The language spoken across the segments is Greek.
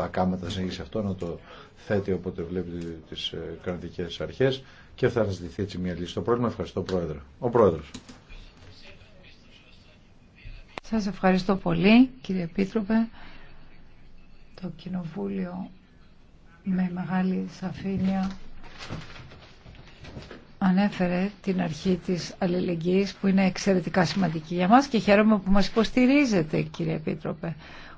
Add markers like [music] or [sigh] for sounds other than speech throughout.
ακάματα συνεχίσει αυτό να το θέτει όποτε βλέπει τις ε, κρατικές αρχές και θα αναζητηθεί έτσι μια λύση. στο πρόβλημα ευχαριστώ Πρόεδρε. Ο Πρόεδρος. Σας ευχαριστώ πολύ κύριε Επίτροπε. Το Κοινοβούλιο με μεγάλη σαφήνεια ανέφερε την αρχή της αλληλεγγύης που είναι εξαιρετικά σημαντική για μας και χαίρομαι που μας υποστηρίζετε κύριε Επίτροπε.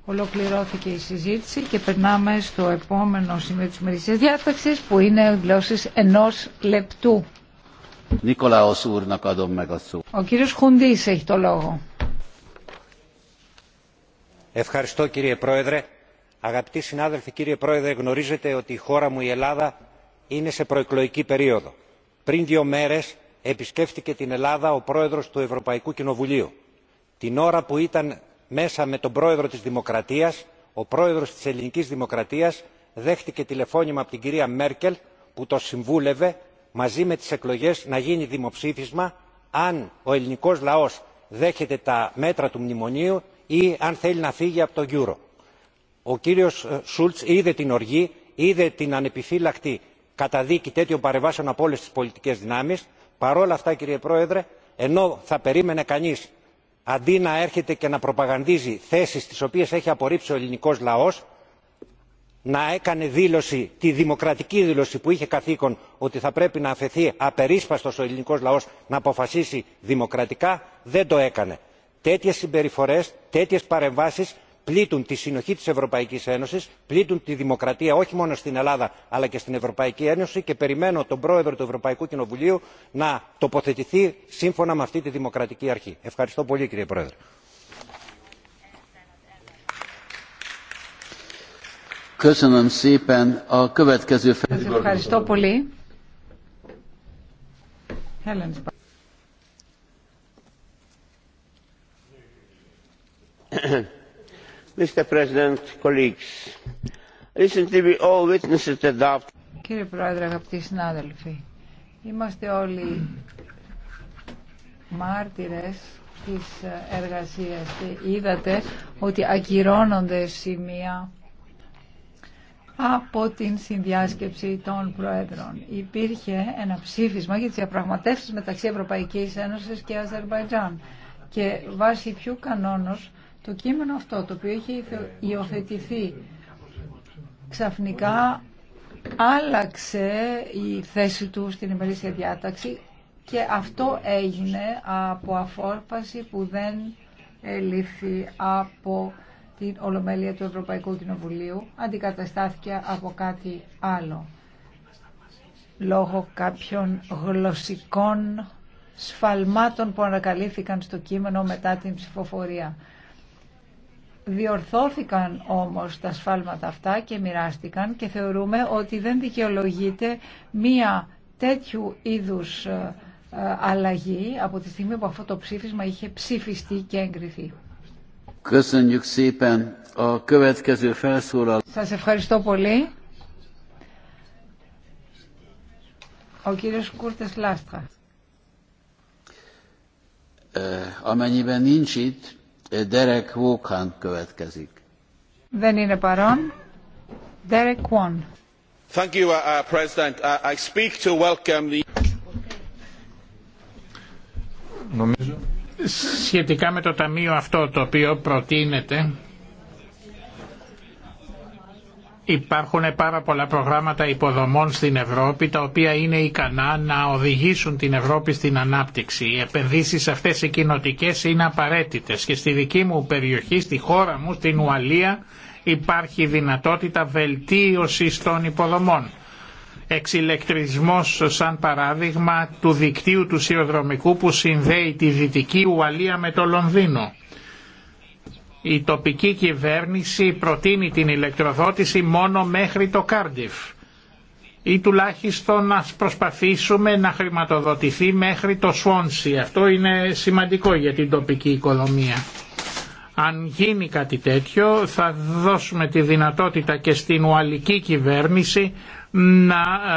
Ολοκληρώθηκε η συζήτηση και περνάμε στο επόμενο σημείο της μερικής διάταξης που είναι γλώσσες ενός λεπτού. Ο κύριος Χουντής έχει το λόγο. Ευχαριστώ κύριε Πρόεδρε. Αγαπητοί συνάδελφοι, κύριε Πρόεδρε, γνωρίζετε ότι η χώρα μου η Ελλάδα είναι σε προεκλογική περίοδο. Πριν δύο μέρες επισκέφτηκε την Ελλάδα ο Πρόεδρος του Ευρωπαϊκού Κοινοβουλίου. Την ώρα που ήταν μέσα με τον πρόεδρο της δημοκρατίας ο πρόεδρος της ελληνικής δημοκρατίας δέχτηκε τηλεφώνημα από την κυρία μέρκελ που τον συμβούλευε μαζί με τις εκλογές να γίνει δημοψήφισμα αν ο ελληνικός λαός δέχεται τα μέτρα του μνημονίου ή αν θέλει να φύγει από το euro. ο κύριος ε, σουλτς είδε την οργή είδε την ανεπιφύλακτη καταδίκη τέτοιων παρεμβάσεων από όλες τις πολιτικές δυνάμεις. παρ' όλα αυτά κύριε πρόεδρε ενώ θα περίμενε κανείς αντί να έρχεται και να προπαγανδίζει θέσεις τις οποίες έχει απορρίψει ο ελληνικός λαός να έκανε δήλωση τη δημοκρατική δήλωση που είχε καθήκον ότι θα πρέπει να αφαιθεί απερίσπαστος ο ελληνικός λαός να αποφασίσει δημοκρατικά δεν το έκανε. τέτοιες συμπεριφορές τέτοιες παρεμβάσεις πλήττουν τη συνοχή της ευρωπαϊκής ένωσης πλήττουν τη δημοκρατία όχι μόνο στην ελλάδα αλλά και στην ευρωπαϊκή ένωση και περιμένω τον πρόεδρο του ευρωπαϊκού κοινοβουλίου να τοποθετηθεί σύμφωνα με αυτή τη δημοκρατική αρχή. ευχαριστώ πολύ κύριε πρόεδρε. ευχαριστώ πολύ. [coughs] Mr. President, colleagues. we all Κύριε Πρόεδρε, αγαπητοί συνάδελφοι, είμαστε όλοι μάρτυρες της εργασίας και είδατε ότι ακυρώνονται σημεία από την συνδιάσκεψη των Προέδρων. Υπήρχε ένα ψήφισμα για τις διαπραγματεύσεις μεταξύ Ευρωπαϊκής Ένωσης και Αζερβαϊτζάν και βάσει ποιου κανόνος το κείμενο αυτό το οποίο έχει υιοθετηθεί ξαφνικά άλλαξε η θέση του στην ημερήσια διάταξη και αυτό έγινε από αφόρπαση που δεν ελήφθη από την Ολομέλεια του Ευρωπαϊκού Κοινοβουλίου, αντικαταστάθηκε από κάτι άλλο λόγω κάποιων γλωσσικών σφαλμάτων που ανακαλύφθηκαν στο κείμενο μετά την ψηφοφορία. Διορθώθηκαν όμως τα σφάλματα αυτά και μοιράστηκαν και θεωρούμε ότι δεν δικαιολογείται μία τέτοιου είδους ε, ε, αλλαγή από τη στιγμή που αυτό το ψήφισμα είχε ψηφιστεί και εγκριθεί. Σας ευχαριστώ πολύ. Ο κύριος Κούρτες Λάστρα. Ε, Derek Wokan következik. Δεν είναι παρόν. Derek Wan. Thank you, uh, President. Uh, I speak to welcome the... Νομίζω. Σχετικά με το ταμείο αυτό το οποίο προτείνεται Υπάρχουν πάρα πολλά προγράμματα υποδομών στην Ευρώπη τα οποία είναι ικανά να οδηγήσουν την Ευρώπη στην ανάπτυξη. Οι επενδύσεις αυτές οι κοινοτικέ είναι απαραίτητες και στη δική μου περιοχή, στη χώρα μου, στην Ουαλία υπάρχει δυνατότητα βελτίωσης των υποδομών. Εξηλεκτρισμός σαν παράδειγμα του δικτύου του σιωδρομικού που συνδέει τη Δυτική Ουαλία με το Λονδίνο η τοπική κυβέρνηση προτείνει την ηλεκτροδότηση μόνο μέχρι το Κάρντιφ ή τουλάχιστον να προσπαθήσουμε να χρηματοδοτηθεί μέχρι το Σουόνσι. Αυτό είναι σημαντικό για την τοπική οικονομία. Αν γίνει κάτι τέτοιο θα δώσουμε τη δυνατότητα και στην Ουαλική κυβέρνηση να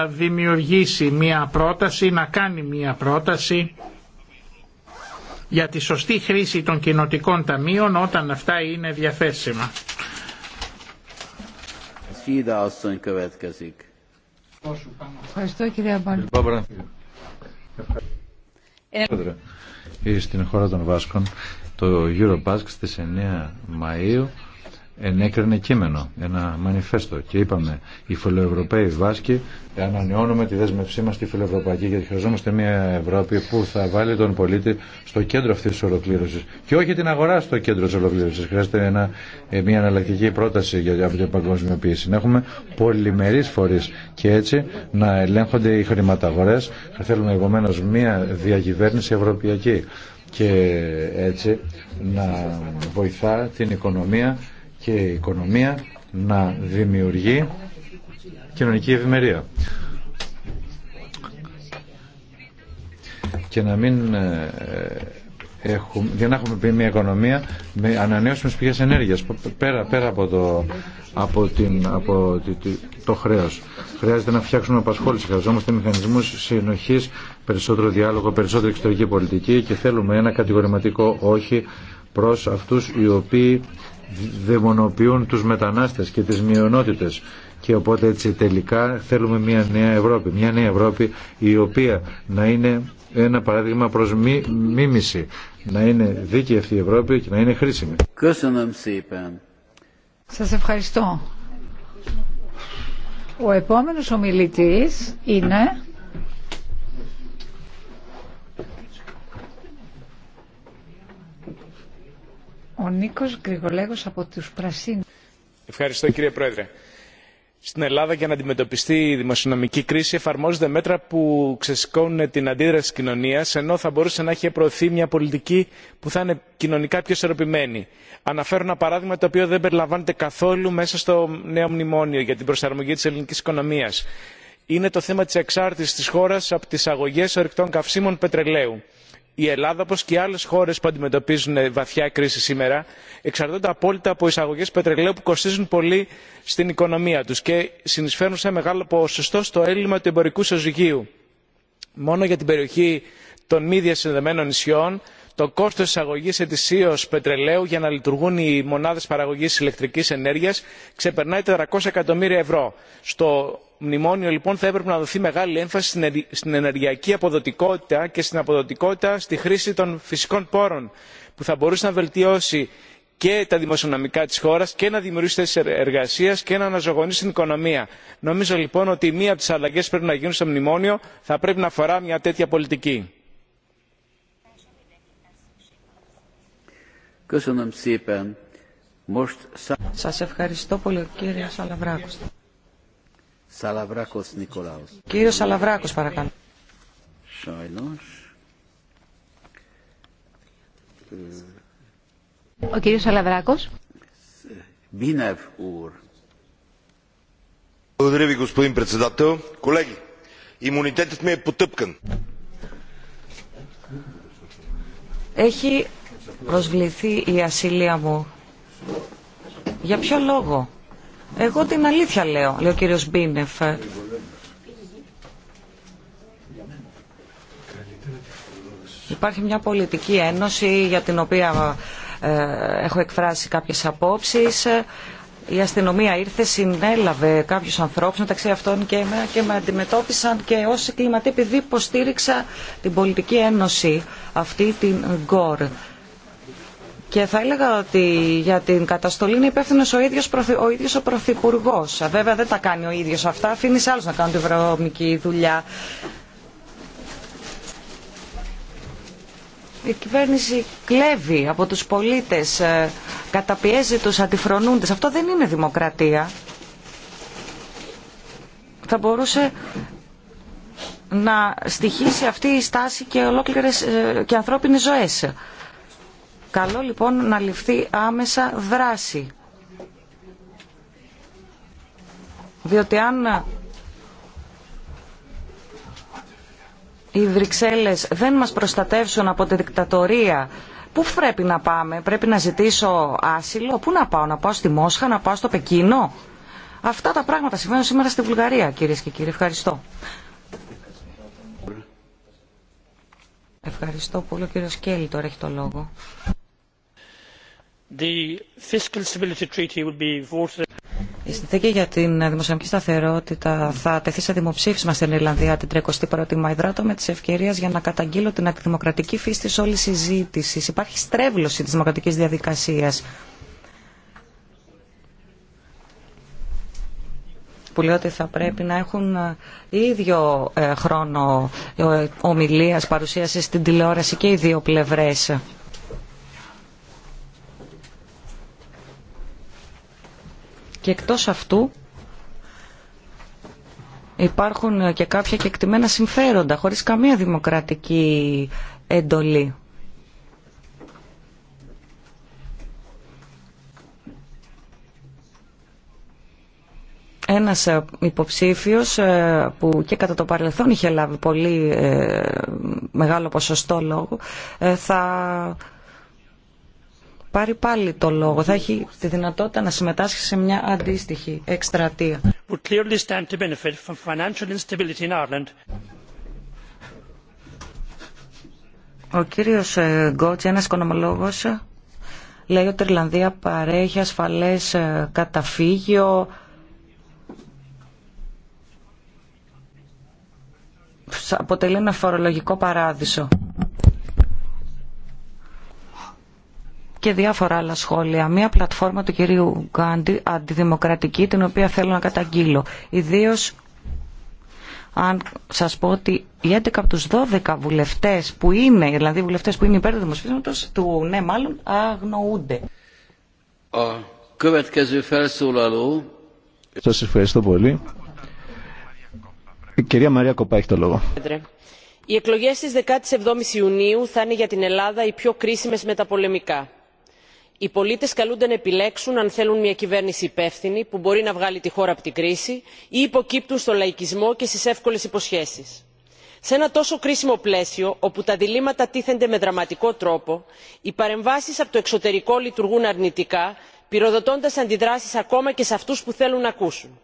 δημιουργήσει μία πρόταση, να κάνει μία πρόταση για τη σωστή χρήση των κοινοτικών ταμείων όταν αυτά είναι διαθέσιμα. Ευχαριστώ Στην χώρα των Βάσκων, το Eurobask στις 9 Μαΐου ενέκρινε κείμενο, ένα μανιφέστο και είπαμε οι φιλοευρωπαίοι Βάσκοι ανανεώνουμε τη δέσμευσή μας στη φιλοευρωπαϊκή γιατί χρειαζόμαστε μια Ευρώπη που θα βάλει τον πολίτη στο κέντρο αυτής της ολοκλήρωσης και όχι την αγορά στο κέντρο της ολοκλήρωσης χρειάζεται ένα, ε, μια αναλλακτική πρόταση για την παγκοσμιοποίηση να έχουμε πολυμερείς φορείς και έτσι να ελέγχονται οι χρηματαγορές θέλουμε επομένω μια διακυβέρνηση ευρωπαϊκή και έτσι να βοηθά την οικονομία και η οικονομία να δημιουργεί κοινωνική ευημερία. Και να μην ε, έχουμε, για μια οικονομία με ανανεώσιμες πηγές ενέργειας πέρα, πέρα από, το, από, την, από το χρέος. Χρειάζεται να φτιάξουμε απασχόληση, χρειαζόμαστε μηχανισμούς συνοχής, περισσότερο διάλογο, περισσότερη εξωτερική πολιτική και θέλουμε ένα κατηγορηματικό όχι προς αυτούς οι οποίοι δαιμονοποιούν τους μετανάστες και τις μειονότητες και οπότε έτσι τελικά θέλουμε μια νέα Ευρώπη μια νέα Ευρώπη η οποία να είναι ένα παράδειγμα προς μί, μίμηση να είναι δίκαιη αυτή η Ευρώπη και να είναι χρήσιμη Σας ευχαριστώ Ο επόμενος ομιλητής είναι Ο Νίκος Γρηγολέγος από τους Πρασίνους. Ευχαριστώ κύριε Πρόεδρε. Στην Ελλάδα για να αντιμετωπιστεί η δημοσιονομική κρίση εφαρμόζονται μέτρα που ξεσηκώνουν την αντίδραση της κοινωνίας ενώ θα μπορούσε να έχει προωθεί μια πολιτική που θα είναι κοινωνικά πιο ισορροπημένη. Αναφέρω ένα παράδειγμα το οποίο δεν περιλαμβάνεται καθόλου μέσα στο νέο μνημόνιο για την προσαρμογή της ελληνικής οικονομίας. Είναι το θέμα της εξάρτησης της χώρας από τι αγωγέ ορυκτών καυσίμων πετρελαίου η ελλάδα όπω και οι άλλες χώρες που αντιμετωπίζουν βαθιά κρίση σήμερα εξαρτώνται απόλυτα από εισαγωγέ πετρελαίου που κοστίζουν πολύ στην οικονομία του και συνεισφέρουν σε μεγάλο ποσοστό στο έλλειμμα του εμπορικού ισοζυγίου. μόνο για την περιοχή των μη διασυνδεμένων νησιών το κόστο εισαγωγή ετησίω πετρελαίου για να λειτουργούν οι μονάδε παραγωγή ηλεκτρική ενέργεια ξεπερνάει τα 400 εκατομμύρια ευρώ. στο μνημόνιο λοιπόν θα έπρεπε να δοθεί μεγάλη έμφαση στην ενεργειακή αποδοτικότητα και στην αποδοτικότητα στη χρήση των φυσικών πόρων που θα μπορούσε να βελτιώσει και τα δημοσιονομικά της χώρας και να δημιουργήσει θέσεις εργασίας και να αναζωογονήσει την οικονομία. νομίζω λοιπόν ότι μια τέτοια πολιτική. Σας ευχαριστώ πολύ Σαλαβράκος Νικολάος. Κύριος Σαλαβράκος παρακαλώ. Σαϊνός. Ο κύριος Σαλαβράκος. Μπίνευ ούρ. Благодаря ви, господин председател. Колеги, имунитетът ми е потъпкан. Έχει προσβληθεί η ασυλία μου. Για ποιο λόγο. Εγώ την αλήθεια λέω, λέει ο κύριος Μπίνεφ. Υπάρχει μια πολιτική ένωση για την οποία ε, έχω εκφράσει κάποιες απόψεις. Η αστυνομία ήρθε, συνέλαβε κάποιους ανθρώπους, μεταξύ αυτών και εμένα, και με αντιμετώπισαν και ως κλιματή επειδή υποστήριξα την πολιτική ένωση αυτή, την ΓΚΟΡ. Και θα έλεγα ότι για την καταστολή είναι υπεύθυνο ο ίδιο ο, ίδιος ο Πρωθυπουργό. Βέβαια δεν τα κάνει ο ίδιο αυτά, αφήνει άλλου να κάνουν τη βρώμικη δουλειά. Η κυβέρνηση κλέβει από τους πολίτες, ε, καταπιέζει τους αντιφρονούντες. Αυτό δεν είναι δημοκρατία. Θα μπορούσε να στοιχίσει αυτή η στάση και ολόκληρες ε, και ανθρώπινες ζωές. Καλό λοιπόν να ληφθεί άμεσα δράση. Διότι αν οι Βρυξέλλες δεν μας προστατεύσουν από τη δικτατορία Πού πρέπει να πάμε, πρέπει να ζητήσω άσυλο, πού να πάω, να πάω στη Μόσχα, να πάω στο Πεκίνο. Αυτά τα πράγματα συμβαίνουν σήμερα στη Βουλγαρία, κυρίε και κύριοι. Ευχαριστώ. Ευχαριστώ πολύ. Ο κύριος Κέλλη τώρα έχει το λόγο. The Η συνθήκη για την δημοσιονομική σταθερότητα θα τεθεί σε δημοψήφισμα στην Ιρλανδία την 31η Μαϊδράτο με τι ευκαιρίε για να καταγγείλω την αντιδημοκρατική φύση τη όλη συζήτηση. Υπάρχει στρέβλωση τη δημοκρατική διαδικασία. που λέει ότι θα πρέπει να έχουν ε, ίδιο ε, χρόνο ε, ομιλίας, παρουσίαση στην τηλεόραση και οι δύο πλευρές. Και εκτός αυτού υπάρχουν και κάποια κεκτημένα συμφέροντα χωρίς καμία δημοκρατική εντολή. ένας ε, υποψήφιος ε, που και κατά το παρελθόν είχε λάβει πολύ ε, μεγάλο ποσοστό λόγου θα πάρει πάλι το λόγο, θα έχει τη δυνατότητα να συμμετάσχει σε μια αντίστοιχη εκστρατεία. Ο κύριος Γκότς, ένας οικονομολόγος, λέει ότι η Ιρλανδία παρέχει ασφαλές καταφύγιο, αποτελεί ένα φορολογικό παράδεισο. και διάφορα άλλα σχόλια. Μία πλατφόρμα του κυρίου Γκάντι, αντιδημοκρατική, την οποία θέλω να καταγγείλω. Ιδίω αν σα πω ότι οι 11 από του 12 βουλευτέ που είναι, δηλαδή βουλευτέ που είναι υπέρ του δημοσφίσματο, του ναι, μάλλον αγνοούνται. Σα ευχαριστώ πολύ. Η κυρία Μαρία Κοπά έχει το Οι εκλογές στις 17 Ιουνίου θα είναι για την Ελλάδα οι πιο κρίσιμες μεταπολεμικά. Οι πολίτες καλούνται να επιλέξουν αν θέλουν μια κυβέρνηση υπεύθυνη που μπορεί να βγάλει τη χώρα από την κρίση ή υποκύπτουν στο λαϊκισμό και στις εύκολες υποσχέσεις. Σε ένα τόσο κρίσιμο πλαίσιο, όπου τα διλήμματα τίθενται με δραματικό τρόπο, οι παρεμβάσεις από το εξωτερικό λειτουργούν αρνητικά, πυροδοτώντας αντιδράσεις ακόμα και σε αυτούς που θέλουν να ακούσουν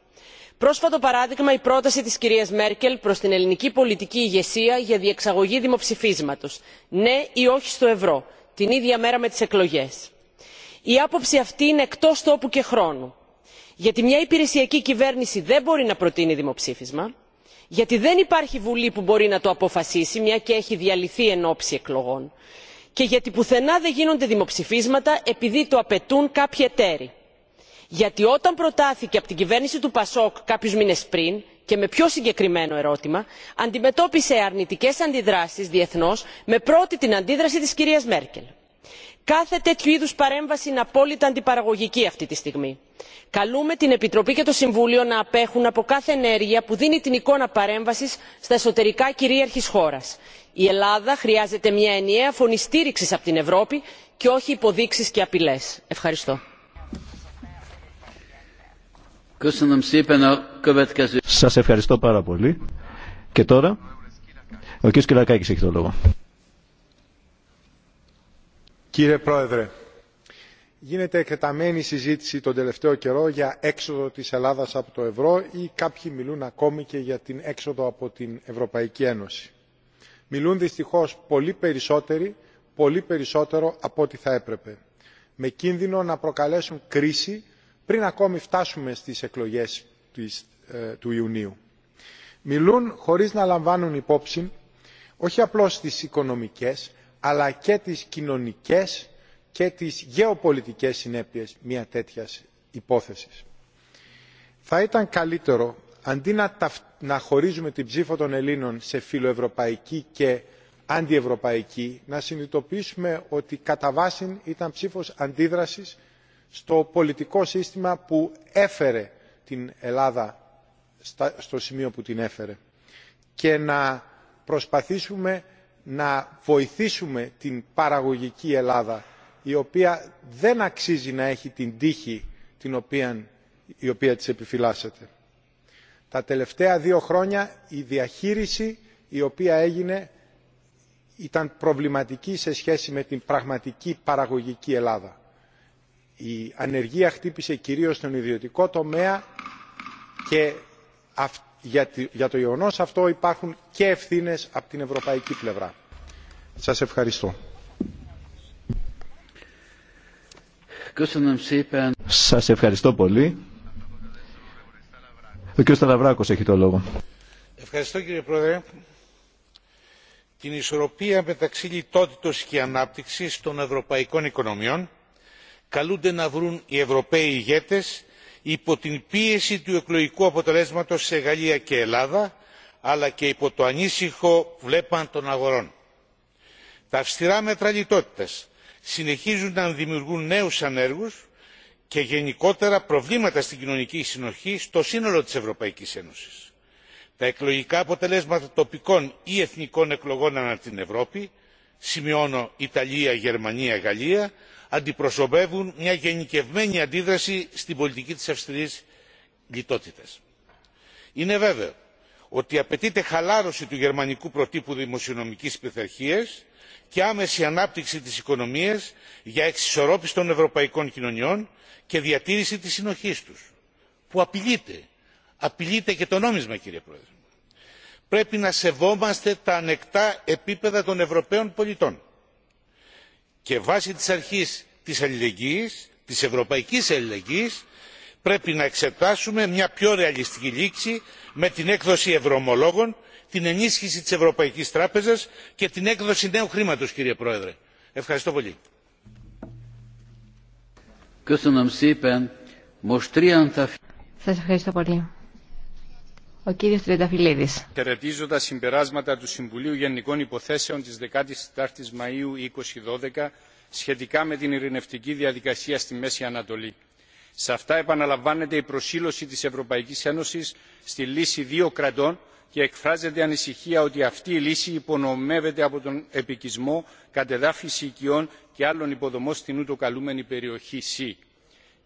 πρόσφατο παράδειγμα η πρόταση της κυρίας μέρκελ προς την ελληνική πολιτική ηγεσία για διεξαγωγή δημοψηφίσματος ναι ή όχι στο ευρώ την ίδια μέρα με τις εκλογές. η άποψη αυτή είναι εκτός τόπου και χρόνου γιατί μια υπηρεσιακή κυβέρνηση δεν μπορεί να προτείνει δημοψήφισμα γιατί δεν υπάρχει βουλή που μπορεί να το αποφασίσει μια και έχει διαλυθεί εν ώψη εκλογών και γιατί πουθενά δεν γίνονται δημοψηφίσματα επειδή το απαιτούν κάποιοι εταίροι γιατί όταν προτάθηκε από την κυβέρνηση του πασόκ κάποιου μήνε πριν και με πιο συγκεκριμένο ερώτημα αντιμετώπισε αρνητικές αντιδράσεις διεθνώς με πρώτη την αντίδραση τη κυρία μέρκελ. κάθε τέτοιου είδου παρέμβαση είναι απόλυτα αντιπαραγωγική αυτή τη στιγμή. καλούμε την επιτροπή και το συμβούλιο να απέχουν από κάθε ενέργεια που δίνει την εικόνα παρέμβαση στα εσωτερικά κυρίαρχη χώρα. η ελλάδα χρειάζεται μια ενιαία φωνή στήριξη από την ευρώπη και όχι υποδείξει και απειλέ. ευχαριστώ. Σας ευχαριστώ πάρα πολύ. Και τώρα, ο κ. Κυρακάκης έχει το λόγο. Κύριε Πρόεδρε, γίνεται εκτεταμένη συζήτηση τον τελευταίο καιρό για έξοδο της Ελλάδας από το ευρώ ή κάποιοι μιλούν ακόμη και για την έξοδο από την Ευρωπαϊκή Ένωση. Μιλούν δυστυχώς πολύ περισσότεροι, πολύ περισσότερο από ό,τι θα έπρεπε. Με κίνδυνο να προκαλέσουν κρίση πριν ακόμη φτάσουμε στις εκλογές ε, του Ιουνίου. Μιλούν χωρίς να λαμβάνουν υπόψη όχι απλώς τις οικονομικές αλλά και τις κοινωνικές και τις γεωπολιτικές συνέπειες μια τέτοιας υπόθεσης. Θα ήταν καλύτερο αντί να, χωρίζουμε την ψήφο των Ελλήνων σε φιλοευρωπαϊκή και αντιευρωπαϊκή να συνειδητοποιήσουμε ότι κατά βάση ήταν ψήφος αντίδρασης στο πολιτικό σύστημα που έφερε την Ελλάδα στο σημείο που την έφερε και να προσπαθήσουμε να βοηθήσουμε την παραγωγική Ελλάδα η οποία δεν αξίζει να έχει την τύχη την οποία, η οποία της επιφυλάσσεται. Τα τελευταία δύο χρόνια η διαχείριση η οποία έγινε ήταν προβληματική σε σχέση με την πραγματική παραγωγική Ελλάδα η ανεργία χτύπησε κυρίως τον ιδιωτικό τομέα και για το γεγονό αυτό υπάρχουν και ευθύνες από την ευρωπαϊκή πλευρά. Σας ευχαριστώ. Σας ευχαριστώ πολύ. Ο κ. Σταλαβράκος έχει το λόγο. Ευχαριστώ κύριε Πρόεδρε. Την ισορροπία μεταξύ λιτότητος και ανάπτυξης των ευρωπαϊκών οικονομιών καλούνται να βρουν οι ευρωπαίοι ηγέτες υπό την πίεση του εκλογικού αποτελέσματος σε γαλλία και ελλάδα αλλά και υπό το ανήσυχο βλέπαν των αγορών. τα αυστηρά μέτρα λιτότητα συνεχίζουν να δημιουργούν νέους ανέργους και γενικότερα προβλήματα στην κοινωνική συνοχή στο σύνολο της ευρωπαϊκής ένωσης. τα εκλογικά αποτελέσματα τοπικών ή εθνικών εκλογών ανά την ευρώπη σημειώνω ιταλία γερμανία γαλλία αντιπροσωπεύουν μια γενικευμένη αντίδραση στην πολιτική της αυστηρής λιτότητας. είναι βέβαιο ότι απαιτείται χαλάρωση του γερμανικού προτύπου δημοσιονομικής πειθαρχίας και άμεση ανάπτυξη της οικονομίας για εξισορρόπηση των ευρωπαϊκών κοινωνιών και διατήρηση της συνοχής τους που απειλείται απειλείται και το νόμισμα κύριε πρόεδρε. πρέπει να σεβόμαστε τα ανεκτά επίπεδα των ευρωπαίων πολιτών και βάσει της αρχής της αλληλεγγύης της ευρωπαϊκής αλληλεγγύης πρέπει να εξετάσουμε μια πιο ρεαλιστική λήξη με την έκδοση ευρωομολόγων την ενίσχυση της ευρωπαϊκής τράπεζας και την έκδοση νέου χρήματος κύριε πρόεδρε. ευχαριστώ πολύ. Σας ευχαριστώ πολύ. Ο κύριος Τριανταφυλλίδης. Χαιρετίζω τα συμπεράσματα του Συμβουλίου Γενικών Υποθέσεων της 14ης Μαΐου 2012 σχετικά με την ειρηνευτική διαδικασία στη Μέση Ανατολή. Σε αυτά επαναλαμβάνεται η προσήλωση της Ευρωπαϊκής Ένωσης στη λύση δύο κρατών και εκφράζεται ανησυχία ότι αυτή η λύση υπονομεύεται από τον επικισμό κατεδάφιση οικειών και άλλων υποδομών στην ούτω καλούμενη περιοχή Σύ.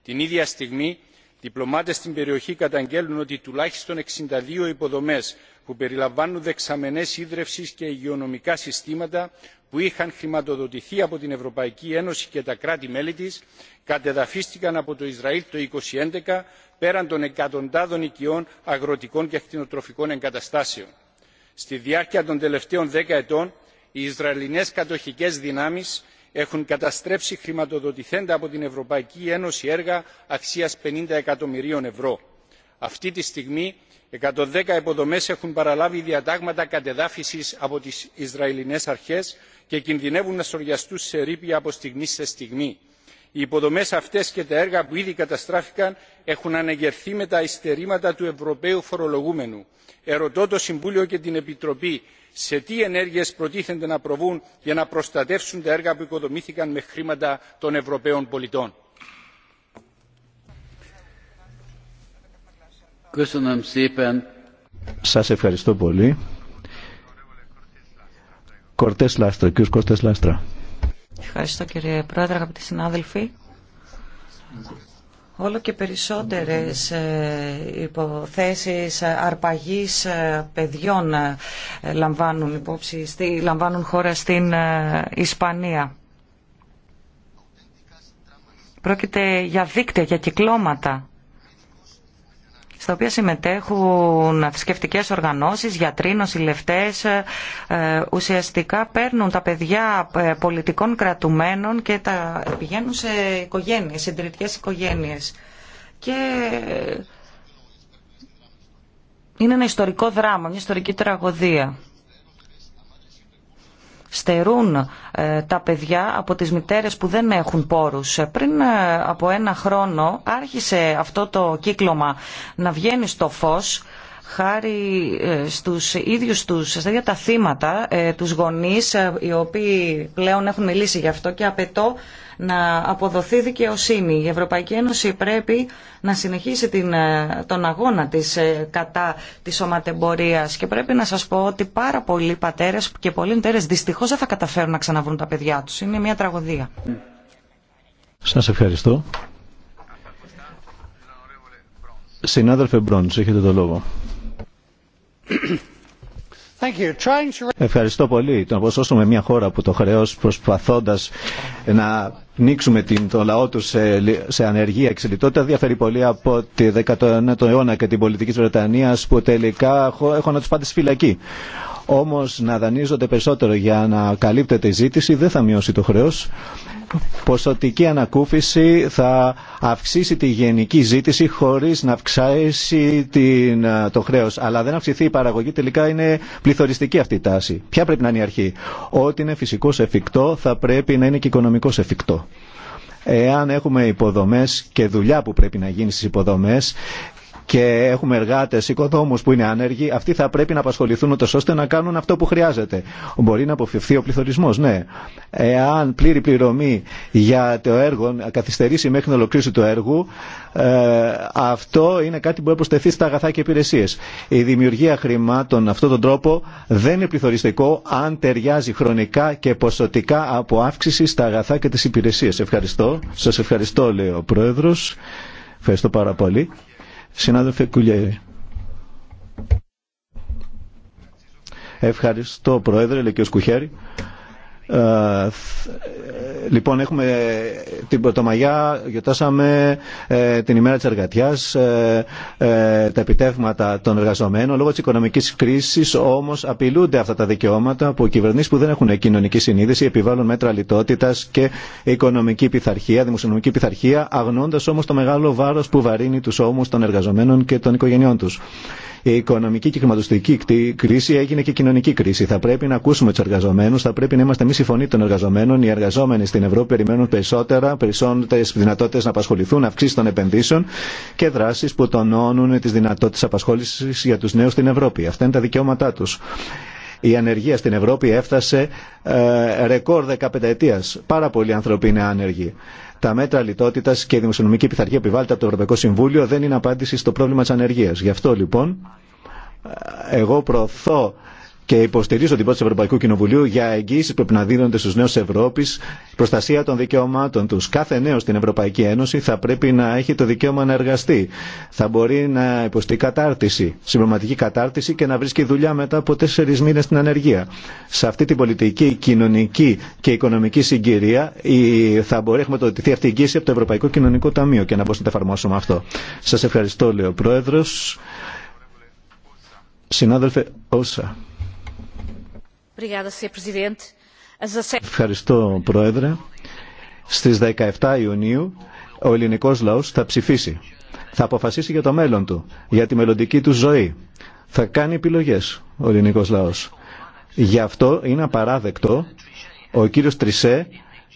Την ίδια στιγμή διπλωμάτες στην περιοχή καταγγέλνουν ότι τουλάχιστον 62 υποδομές που περιλαμβάνουν δεξαμενές ίδρυυσης και υγειονομικά συστήματα που είχαν χρηματοδοτηθεί από την Ευρωπαϊκή Ένωση και τα κράτη-μέλη της κατεδαφίστηκαν από το Ισραήλ το 2011 πέραν των εκατοντάδων οικειών αγροτικών και κτηνοτροφικών εγκαταστάσεων. Στη διάρκεια των τελευταίων δέκα ετών οι Ισραηλινές κατοχικές δυνάμεις έχουν καταστρέψει χρηματοδοτηθέντα από την ευρωπαϊκή ένωση έργα αξίας 50 εκατομμυρίων ευρώ. αυτή τη στιγμή 110 υποδομές έχουν παραλάβει διατάγματα κατεδάφισης από τις Ισραηλινές αρχές και κινδυνεύουν να σωριαστούν σε ρήπια από στιγμή σε στιγμή. Οι υποδομές αυτές και τα έργα που ήδη καταστράφηκαν έχουν αναγερθεί με τα ειστερήματα του Ευρωπαίου φορολογούμενου. Ερωτώ το Συμβούλιο και την Επιτροπή σε τι ενέργειες προτίθενται να προβούν για να προστατεύσουν τα έργα που οικοδομήθηκαν με χρήματα των ευρωπαίων πολιτών. Σας ευχαριστώ πολύ. Κορτέ Λάστρα, κ. Κορτέ Λάστρα. Ευχαριστώ κύριε Πρόεδρε, αγαπητοί συνάδελφοι. Όλο και περισσότερες ε, υποθέσεις αρπαγής ε, παιδιών ε, λαμβάνουν, υπόψη, λαμβάνουν χώρα στην Ισπανία. Πρόκειται για δίκτυα, για κυκλώματα στα οποία συμμετέχουν θρησκευτικέ οργανώσεις, γιατροί, νοσηλευτές, ε, ουσιαστικά παίρνουν τα παιδιά ε, πολιτικών κρατουμένων και τα πηγαίνουν σε οικογένειες, συντηρητικές οικογένειες. Και είναι ένα ιστορικό δράμα, μια ιστορική τραγωδία στερούν ε, τα παιδιά από τις μητέρες που δεν έχουν πόρους. Πριν ε, από ένα χρόνο άρχισε αυτό το κύκλωμα να βγαίνει στο φως χάρη ε, στους ίδιους τους, στα ίδια τα θύματα, τους γονείς οι οποίοι πλέον έχουν μιλήσει γι' αυτό και απαιτώ να αποδοθεί δικαιοσύνη. Η Ευρωπαϊκή Ένωση πρέπει να συνεχίσει την, ε, τον αγώνα της ε, κατά της σωματεμπορίας και πρέπει να σας πω ότι πάρα πολλοί πατέρες και πολλοί μητέρες δυστυχώς δεν θα καταφέρουν να ξαναβρούν τα παιδιά τους. Είναι μια τραγωδία. Σας ευχαριστώ. Συνάδελφε Μπρόντς, έχετε το λόγο. Ευχαριστώ πολύ. Το να προσώσουμε μια χώρα που το χρέο προσπαθώντα να νίξουμε την, το λαό του σε, σε ανεργία και διαφέρει πολύ από τη 19ο αιώνα και την πολιτική τη Βρετανία που τελικά έχω να του πάτε στη φυλακή όμως να δανείζονται περισσότερο για να καλύπτεται η ζήτηση δεν θα μειώσει το χρέος. Ποσοτική ανακούφιση θα αυξήσει τη γενική ζήτηση χωρίς να αυξάσει την, το χρέος. Αλλά δεν αυξηθεί η παραγωγή, τελικά είναι πληθωριστική αυτή η τάση. Ποια πρέπει να είναι η αρχή. Ό,τι είναι φυσικός εφικτό θα πρέπει να είναι και οικονομικός εφικτό. Εάν έχουμε υποδομές και δουλειά που πρέπει να γίνει στις υποδομές και έχουμε εργάτε, οικοδόμου που είναι άνεργοι, αυτοί θα πρέπει να απασχοληθούν ούτω ώστε να κάνουν αυτό που χρειάζεται. Μπορεί να αποφευθεί ο πληθωρισμό, ναι. Εάν πλήρη πληρωμή για το έργο καθυστερήσει μέχρι να ολοκλήρωση του έργου, ε, αυτό είναι κάτι που μπορεί να προσθεθεί στα αγαθά και υπηρεσίε. Η δημιουργία χρημάτων αυτόν τον τρόπο δεν είναι πληθωριστικό αν ταιριάζει χρονικά και ποσοτικά από αύξηση στα αγαθά και τι υπηρεσίε. Ευχαριστώ. Σα ευχαριστώ, λέει ο Πρόεδρο. Ευχαριστώ πάρα πολύ. Συνάδελφε Κουλιέρη. Ευχαριστώ Πρόεδρε, λέει και ε, λοιπόν, έχουμε την Πρωτομαγιά, γιορτάσαμε ε, την ημέρα της εργατιάς, ε, τα επιτεύγματα των εργαζομένων. Λόγω της οικονομικής κρίσης όμως απειλούνται αυτά τα δικαιώματα που οι κυβερνήσεις που δεν έχουν κοινωνική συνείδηση επιβάλλουν μέτρα λιτότητας και οικονομική πειθαρχία, δημοσιονομική πειθαρχία, αγνώντας όμως το μεγάλο βάρος που βαρύνει τους ώμους των εργαζομένων και των οικογενειών τους. Η οικονομική και χρηματοστική κρίση έγινε και κοινωνική κρίση. Θα πρέπει να ακούσουμε του εργαζομένου, θα πρέπει να είμαστε εμεί η φωνή των εργαζομένων. Οι εργαζόμενοι στην Ευρώπη περιμένουν περισσότερα, περισσότερε δυνατότητε να απασχοληθούν, αυξήσει των επενδύσεων και δράσει που τονώνουν τι δυνατότητε απασχόληση για του νέου στην Ευρώπη. Αυτά είναι τα δικαιώματά του. Η ανεργία στην Ευρώπη έφτασε ε, ρεκόρ 15 ετία. Πάρα πολλοί άνθρωποι είναι άνεργοι. Τα μέτρα λιτότητα και η δημοσιονομική πειθαρχία που επιβάλλεται από το Ευρωπαϊκό Συμβούλιο δεν είναι απάντηση στο πρόβλημα τη ανεργία. Γι' αυτό λοιπόν ε, εγώ προωθώ και υποστηρίζω την πρόταση του Ευρωπαϊκού Κοινοβουλίου για εγγύηση που πρέπει να δίνονται στου νέου Ευρώπη, προστασία των δικαιωμάτων του. Κάθε νέο στην Ευρωπαϊκή Ένωση θα πρέπει να έχει το δικαίωμα να εργαστεί. Θα μπορεί να υποστεί κατάρτιση, συμπληρωματική κατάρτιση και να βρίσκει δουλειά μετά από τέσσερι μήνε στην ανεργία. Σε αυτή την πολιτική, κοινωνική και οικονομική συγκυρία θα μπορεί να χρηματοδοτηθεί αυτή η εγγύηση από το Ευρωπαϊκό Κοινωνικό Ταμείο και να μπορούμε να εφαρμόσουμε αυτό. Σα ευχαριστώ, λέει ο Πρόεδρο. Συνάδελφε Όσα. Ευχαριστώ, Πρόεδρε. Στις 17 Ιουνίου ο ελληνικός λαός θα ψηφίσει. Θα αποφασίσει για το μέλλον του, για τη μελλοντική του ζωή. Θα κάνει επιλογές ο ελληνικός λαός. Γι' αυτό είναι απαράδεκτο ο κύριος Τρισέ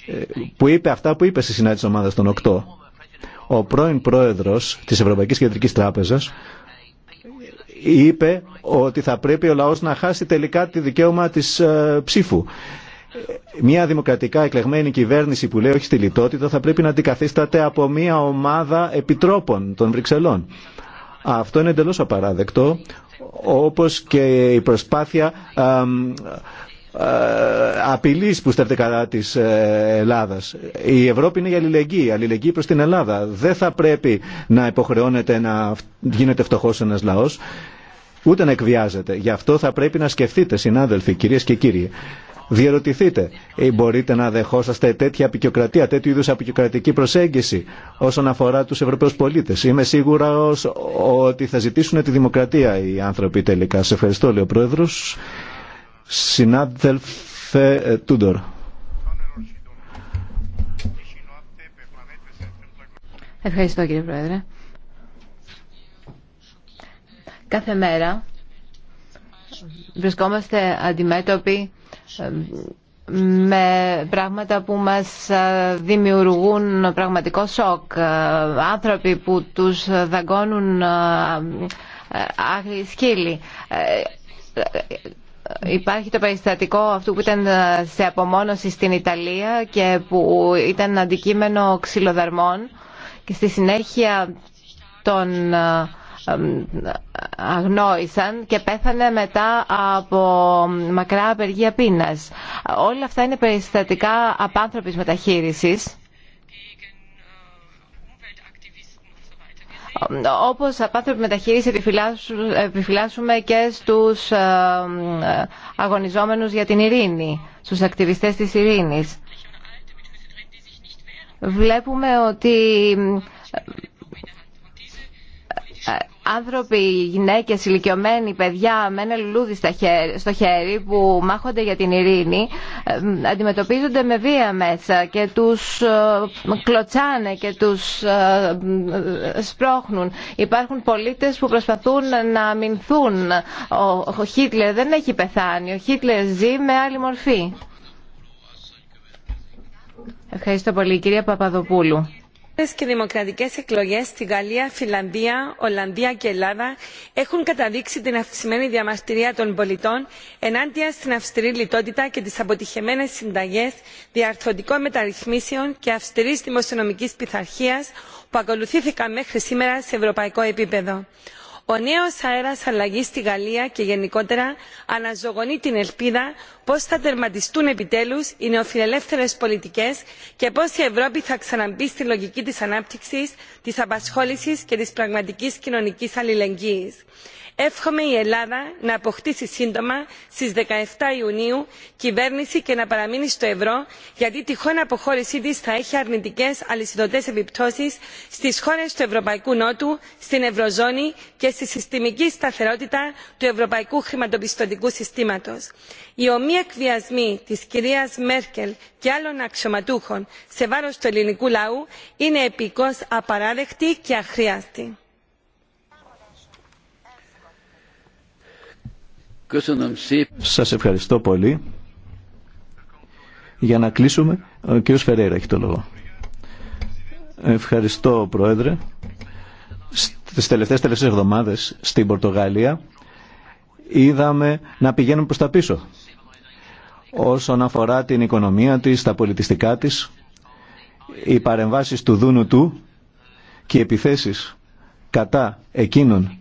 ε, που είπε αυτά που είπε στη συνάντηση της ομάδας των 8. Ο πρώην πρόεδρος της Ευρωπαϊκής Κεντρικής Τράπεζας είπε ότι θα πρέπει ο λαός να χάσει τελικά τη δικαίωμα της ε, ψήφου. Μια δημοκρατικά εκλεγμένη κυβέρνηση που λέει όχι στη λιτότητα θα πρέπει να αντικαθίσταται από μια ομάδα επιτρόπων των Βρυξελών. Αυτό είναι εντελώς απαράδεκτο, όπως και η προσπάθεια ε, απειλής που στέφτε κατά τη ε, Ελλάδας. Η Ευρώπη είναι η αλληλεγγύη, η αλληλεγγύη προς την Ελλάδα. Δεν θα πρέπει να υποχρεώνεται να γίνεται φτωχό ένα λαό ούτε να εκβιάζετε. Γι' αυτό θα πρέπει να σκεφτείτε, συνάδελφοι, κυρίε και κύριοι. Διερωτηθείτε, «Ε, μπορείτε να δεχόσαστε τέτοια απεικιοκρατία, τέτοιου είδου απεικιοκρατική προσέγγιση όσον αφορά του Ευρωπαίου πολίτε. Είμαι σίγουρα ότι θα ζητήσουν τη δημοκρατία οι άνθρωποι τελικά. Σε ευχαριστώ, λέει ο Πρόεδρο. Συνάδελφε ε, Τούντορ. Ευχαριστώ, κύριε Πρόεδρε. Κάθε μέρα βρισκόμαστε αντιμέτωποι με πράγματα που μας ε, δημιουργούν πραγματικό σοκ. Ε, άνθρωποι που τους δαγκώνουν ε, άγριοι σκύλοι. Υπάρχει το περιστατικό αυτού που ήταν σε απομόνωση στην Ιταλία και που ήταν αντικείμενο ξυλοδαρμών και στη συνέχεια των αγνόησαν και πέθανε μετά από μακρά απεργία πείνας. Όλα αυτά είναι περιστατικά απάνθρωπης μεταχείρισης. όπως απάνθρωπη μεταχείριση επιφυλάσσουμε και στους ε, αγωνιζόμενους για την ειρήνη, στους ακτιβιστές της ειρήνης. Βλέπουμε ότι ε, άνθρωποι, γυναίκες, ηλικιωμένοι, παιδιά με ένα λουλούδι στο χέρι που μάχονται για την ειρήνη αντιμετωπίζονται με βία μέσα και τους ε, κλωτσάνε και τους ε, σπρώχνουν. Υπάρχουν πολίτες που προσπαθούν να αμυνθούν. Ο Χίτλερ δεν έχει πεθάνει. Ο Χίτλερ ζει με άλλη μορφή. Ευχαριστώ πολύ. Κυρία Παπαδοπούλου και δημοκρατικέ εκλογέ στη Γαλλία, Φιλανδία, Ολλανδία και Ελλάδα έχουν καταδείξει την αυξημένη διαμαρτυρία των πολιτών ενάντια στην αυστηρή λιτότητα και τι αποτυχεμένες συνταγέ διαρθρωτικών μεταρρυθμίσεων και αυστηρή δημοσιονομική πειθαρχία που ακολουθήθηκαν μέχρι σήμερα σε ευρωπαϊκό επίπεδο. Ο νέος αέρας αλλαγής στη Γαλλία και γενικότερα αναζωογονεί την ελπίδα πώς θα τερματιστούν επιτέλους οι νεοφιλελεύθερες πολιτικές και πώς η Ευρώπη θα ξαναμπεί στη λογική της ανάπτυξης, της απασχόλησης και της πραγματικής κοινωνικής αλληλεγγύης εύχομαι η ελλάδα να αποκτήσει σύντομα στι 17 ιουνίου κυβέρνηση και να παραμείνει στο ευρώ γιατί τυχόν αποχώρησή τη θα έχει αρνητικέ αλυσιδωτέ επιπτώσει στι χώρε του ευρωπαϊκού νότου στην ευρωζώνη και στη συστημική σταθερότητα του ευρωπαϊκού χρηματοπιστωτικού συστήματο. οι ομοί εκβιασμοί τη κυρία μέρκελ και άλλων αξιωματούχων σε βάρο του ελληνικού λαού είναι επικώς απαράδεκτοι και αχρίαστοι. Σας ευχαριστώ πολύ. Για να κλείσουμε, ο κ. Φεραίρα έχει το λόγο. Ευχαριστώ, Πρόεδρε. Στις τελευταίες τελευταίες εβδομάδες στην Πορτογαλία είδαμε να πηγαίνουν προς τα πίσω όσον αφορά την οικονομία της, τα πολιτιστικά της, οι παρεμβάσεις του Δούνου του και οι επιθέσεις κατά εκείνων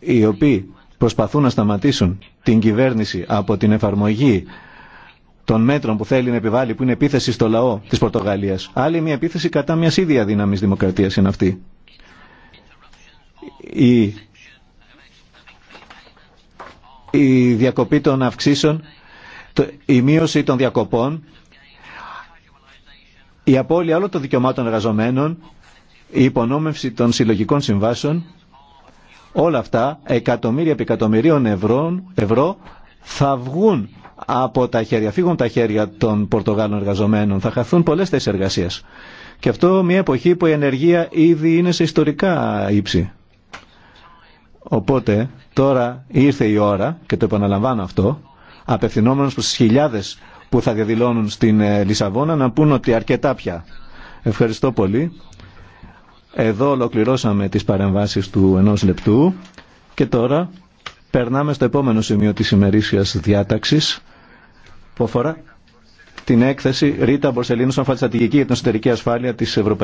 οι οποίοι προσπαθούν να σταματήσουν την κυβέρνηση από την εφαρμογή των μέτρων που θέλει να επιβάλλει, που είναι επίθεση στο λαό της Πορτογαλίας. Άλλη μια επίθεση κατά μια ίδια δύναμης δημοκρατίας είναι αυτή. Η, η διακοπή των αυξήσεων, η μείωση των διακοπών, η απώλεια όλων των δικαιωμάτων εργαζομένων, η υπονόμευση των συλλογικών συμβάσεων, Όλα αυτά, εκατομμύρια επί εκατομμυρίων ευρώ, θα βγουν από τα χέρια, φύγουν τα χέρια των Πορτογάλων εργαζομένων, θα χαθούν πολλές θέσει εργασίας. Και αυτό μια εποχή που η ενεργεία ήδη είναι σε ιστορικά ύψη. Οπότε τώρα ήρθε η ώρα, και το επαναλαμβάνω αυτό, απευθυνόμενος προς τις χιλιάδες που θα διαδηλώνουν στην ε, Λισαβόνα να πούν ότι αρκετά πια. Ευχαριστώ πολύ. Εδώ ολοκληρώσαμε τις παρεμβάσεις του ενός λεπτού και τώρα περνάμε στο επόμενο σημείο της ημερήσιας διάταξης που αφορά την έκθεση Ρίτα Μπορσελίνου σαν στρατηγική για την εσωτερική ασφάλεια της Ευρωπαϊκής